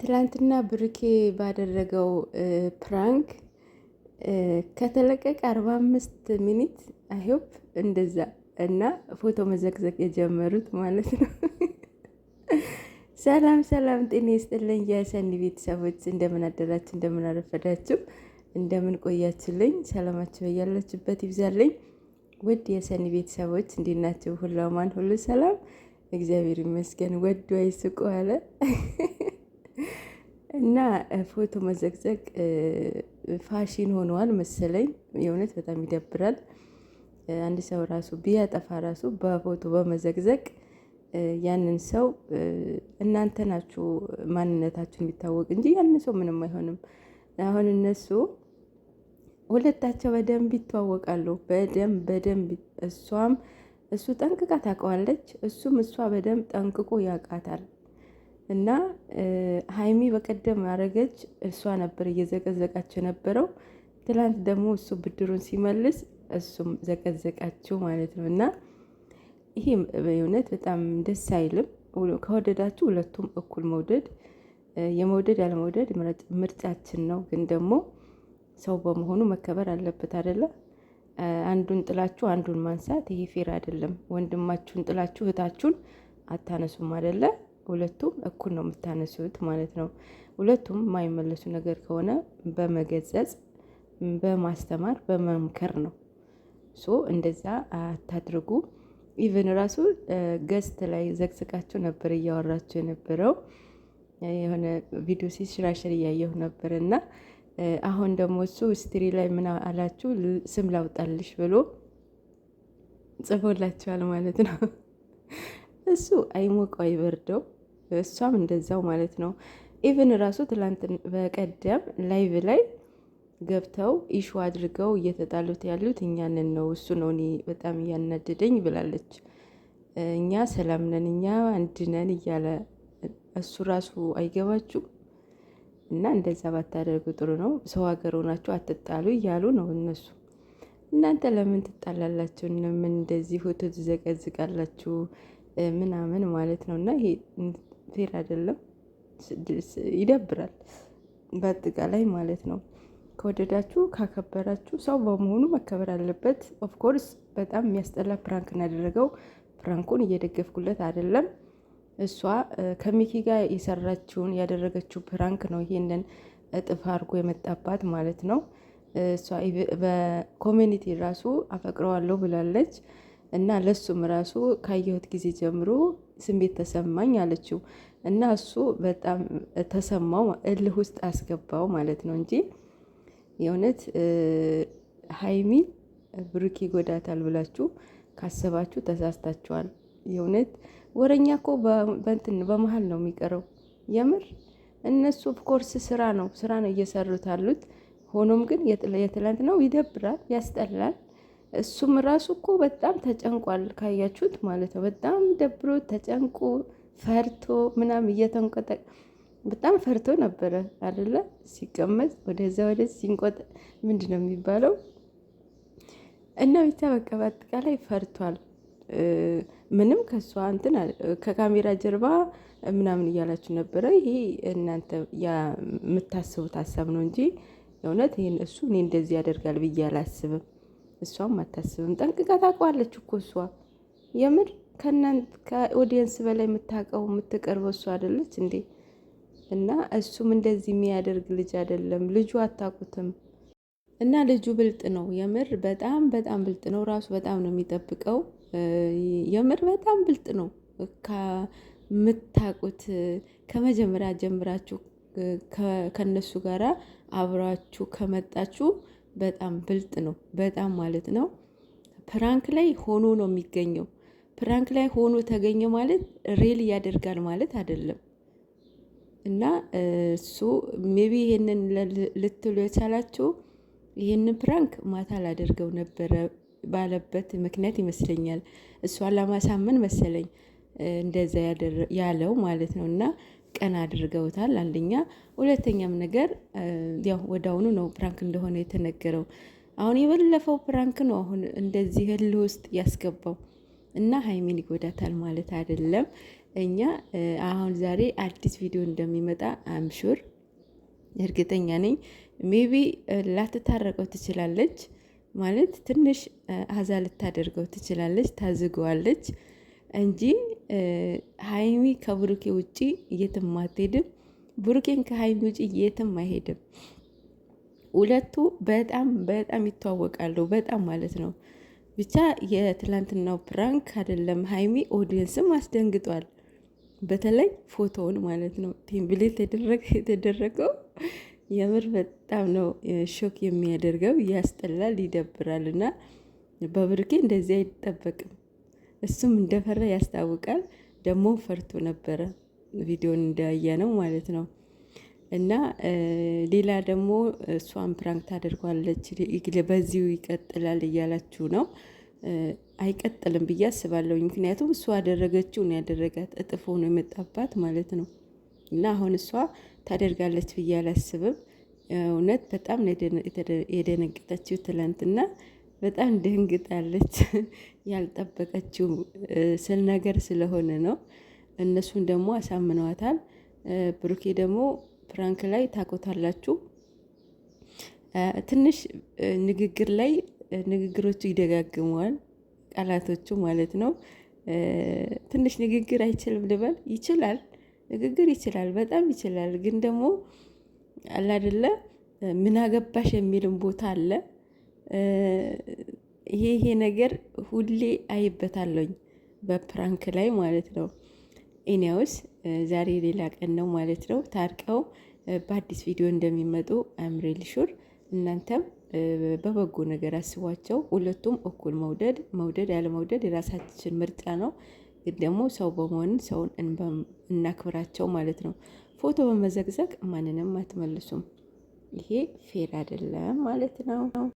ትላንትና ብሩኬ ባደረገው ፕራንክ ከተለቀቀ አርባ አምስት ሚኒት አይሆፕ እንደዛ እና ፎቶ መዘግዘግ የጀመሩት ማለት ነው። ሰላም ሰላም፣ ጤና ይስጥልኝ የሰኒ ቤተሰቦች፣ እንደምን አደራችሁ፣ እንደምን አረፈዳችሁ፣ እንደምን ቆያችሁልኝ? ሰላማችሁ ያላችሁበት ይብዛልኝ። ውድ የሰኒ ቤተሰቦች እንዴት ናችሁ? ሁሉ ሁሉ ሰላም፣ እግዚአብሔር ይመስገን። ወዱ አይስቁ አለ እና ፎቶ መዘግዘግ ፋሽን ሆነዋል መሰለኝ። የእውነት በጣም ይደብራል። አንድ ሰው ራሱ ቢያጠፋ ራሱ በፎቶ በመዘግዘግ ያንን ሰው እናንተ ናችሁ ማንነታችሁ የሚታወቅ እንጂ ያንን ሰው ምንም አይሆንም። አሁን እነሱ ሁለታቸው በደንብ ይተዋወቃሉ። በደንብ በደንብ እሷም እሱ ጠንቅቃ ታውቀዋለች፣ እሱም እሷ በደንብ ጠንቅቆ ያውቃታል። እና ሀይሚ በቀደም አረገች፣ እሷ ነበር እየዘቀዘቃቸው የነበረው። ትላንት ደግሞ እሱ ብድሩን ሲመልስ እሱም ዘቀዘቃቸው ማለት ነው። እና ይሄ በእውነት በጣም ደስ አይልም። ከወደዳችሁ ሁለቱም እኩል መውደድ የመውደድ ያለመውደድ ምርጫችን ነው። ግን ደግሞ ሰው በመሆኑ መከበር አለበት አደለ? አንዱን ጥላችሁ አንዱን ማንሳት ይሄ ፌር አይደለም። ወንድማችሁን ጥላችሁ እህታችሁን አታነሱም አደለ? ሁለቱም እኩል ነው የምታነሱት ማለት ነው። ሁለቱም የማይመለሱ ነገር ከሆነ በመገጸጽ በማስተማር በመምከር ነው። ሶ እንደዛ አታድርጉ። ኢቨን ራሱ ገስት ላይ ዘግዝቃችሁ ነበር እያወራችሁ የነበረው የሆነ ቪዲዮ ሲሽራሽር እያየሁ ነበር እና አሁን ደግሞ እሱ ስትሪ ላይ ምን አላችሁ ስም ላውጣልሽ ብሎ ጽፎላችኋል ማለት ነው። እሱ አይሞቀው አይበርደው፣ እሷም እንደዛው ማለት ነው። ኢቭን ራሱ ትላንት በቀደም ላይቭ ላይ ገብተው ኢሹ አድርገው እየተጣሉት ያሉት እኛንን ነው እሱ ነው እኔ በጣም እያናደደኝ ብላለች። እኛ ሰላም ነን፣ እኛ አንድ ነን እያለ እሱ ራሱ አይገባችሁ እና እንደዛ ባታደርጉ ጥሩ ነው። ሰው ሀገር ሆናችሁ አትጣሉ እያሉ ነው እነሱ። እናንተ ለምን ትጣላላችሁ? ምን እንደዚህ ሁቱ ትዘቀዝቃላችሁ? ምናምን ማለት ነው እና ይሄ ፌር አይደለም፣ ይደብራል በአጠቃላይ ማለት ነው። ከወደዳችሁ ካከበራችሁ ሰው በመሆኑ መከበር አለበት። ኦፍኮርስ በጣም የሚያስጠላ ፕራንክ ያደረገው ፕራንኩን እየደገፍኩለት አይደለም። እሷ ከሚኪ ጋር የሰራችውን ያደረገችው ፕራንክ ነው ይሄንን እጥፍ አድርጎ የመጣባት ማለት ነው። እሷ በኮሚኒቲ ራሱ አፈቅረዋለሁ ብላለች። እና ለሱም ራሱ ካየሁት ጊዜ ጀምሮ ስሜት ተሰማኝ አለችው። እና እሱ በጣም ተሰማው፣ እልህ ውስጥ አስገባው ማለት ነው እንጂ የእውነት ሀይሚ ብሩኬ ይጎዳታል ብላችሁ ካሰባችሁ ተሳስታችኋል። የእውነት ወረኛ እኮ በእንትን በመሀል ነው የሚቀረው። የምር እነሱ ኦፍኮርስ ስራ ነው ስራ ነው እየሰሩት አሉት። ሆኖም ግን የትላንት ነው ይደብራል፣ ያስጠላል። እሱም ራሱ እኮ በጣም ተጨንቋል። ካያችሁት ማለት ነው። በጣም ደብሮ ተጨንቆ ፈርቶ ምናም እየተንቆጠ በጣም ፈርቶ ነበረ አይደለ? ሲቀመጥ ወደዛ ወደ ሲንቆጠ ምንድን ነው የሚባለው? እና ብቻ በቃ በአጠቃላይ ፈርቷል። ምንም ከእሷ እንትን ከካሜራ ጀርባ ምናምን እያላችሁ ነበረ። ይሄ እናንተ የምታስቡት ሀሳብ ነው እንጂ የእውነት ይህን እሱ እኔ እንደዚህ ያደርጋል ብዬ አላስብም። እሷም አታስብም። ጠንቅቃ ታውቀዋለች እኮ እሷ የምር ከእናንተ ከኦዲየንስ በላይ የምታውቀው የምትቀርበው እሱ አይደለች እንዴ? እና እሱም እንደዚህ የሚያደርግ ልጅ አይደለም። ልጁ አታውቁትም። እና ልጁ ብልጥ ነው የምር በጣም በጣም ብልጥ ነው። ራሱ በጣም ነው የሚጠብቀው የምር በጣም ብልጥ ነው። ከምታውቁት ከመጀመሪያ ጀምራችሁ ከነሱ ጋራ አብራችሁ ከመጣችሁ በጣም ብልጥ ነው። በጣም ማለት ነው። ፕራንክ ላይ ሆኖ ነው የሚገኘው። ፕራንክ ላይ ሆኖ ተገኘ ማለት ሬል ያደርጋል ማለት አይደለም። እና እሱ ሜቢ ይሄንን ልትሉ የቻላችሁ ይህንን ፕራንክ ማታ ላደርገው ነበረ ባለበት ምክንያት ይመስለኛል። እሷን ለማሳመን መሰለኝ እንደዛ ያለው ማለት ነው እና ቀና አድርገውታል። አንደኛ፣ ሁለተኛም ነገር ያው ወዳውኑ ነው ፕራንክ እንደሆነ የተነገረው። አሁን የበለፈው ፕራንክ ነው አሁን እንደዚህ ህል ውስጥ ያስገባው እና ሀይሚን ይጎዳታል ማለት አይደለም። እኛ አሁን ዛሬ አዲስ ቪዲዮ እንደሚመጣ አምሹር እርግጠኛ ነኝ። ሜቢ ላትታረቀው ትችላለች ማለት ትንሽ አዛ ልታደርገው ትችላለች፣ ታዝገዋለች እንጂ ሀይሚ ከብሩኬ ውጪ የትም አትሄድም፣ ብሩኬን ከሀይሚ ውጪ የትም አይሄድም። ሁለቱ በጣም በጣም ይተዋወቃሉ፣ በጣም ማለት ነው። ብቻ የትላንትናው ፕራንክ አይደለም ሀይሚ ኦዲየንስም አስደንግጧል። በተለይ ፎቶውን ማለት ነው ቴምብሌት የተደረገው የምር በጣም ነው ሾክ የሚያደርገው። ያስጠላል፣ ይደብራል እና በብርኬ እንደዚህ አይጠበቅም። እሱም እንደፈራ ያስታውቃል። ደግሞ ፈርቶ ነበረ ቪዲዮን እንዳየ ነው ማለት ነው። እና ሌላ ደግሞ እሷን ፕራንክ ታደርጓለች። በዚሁ ይቀጥላል እያላችሁ ነው። አይቀጥልም ብዬ አስባለሁ። ምክንያቱም እሷ አደረገችው ነው ያደረጋት፣ እጥፎ ነው የመጣባት ማለት ነው። እና አሁን እሷ ታደርጋለች ብዬ አላስብም። እውነት በጣም ነው የደነገጠችው ትላንትና። በጣም ደንግጣለች። ያልጠበቀችው ስል ነገር ስለሆነ ነው። እነሱን ደግሞ አሳምነዋታል። ብሩኬ ደግሞ ፕራንክ ላይ ታቆታላችሁ። ትንሽ ንግግር ላይ ንግግሮቹ ይደጋግመዋል፣ ቃላቶቹ ማለት ነው። ትንሽ ንግግር አይችልም ልበል? ይችላል፣ ንግግር ይችላል፣ በጣም ይችላል። ግን ደግሞ አላደለ ምን አገባሽ የሚልም ቦታ አለ ይሄ ይሄ ነገር ሁሌ አይበታለኝ በፕራንክ ላይ ማለት ነው። ኢኔውስ ዛሬ ሌላ ቀን ነው ማለት ነው። ታርቀው በአዲስ ቪዲዮ እንደሚመጡ አምሬል ሹር። እናንተም በበጎ ነገር አስቧቸው። ሁለቱም እኩል መውደድ መውደድ ያለመውደድ የራሳችን ምርጫ ነው። ግን ደግሞ ሰው በመሆን ሰውን እናክብራቸው ማለት ነው። ፎቶ በመዘግዘግ ማንንም አትመልሱም። ይሄ ፌር አይደለም ማለት ነው።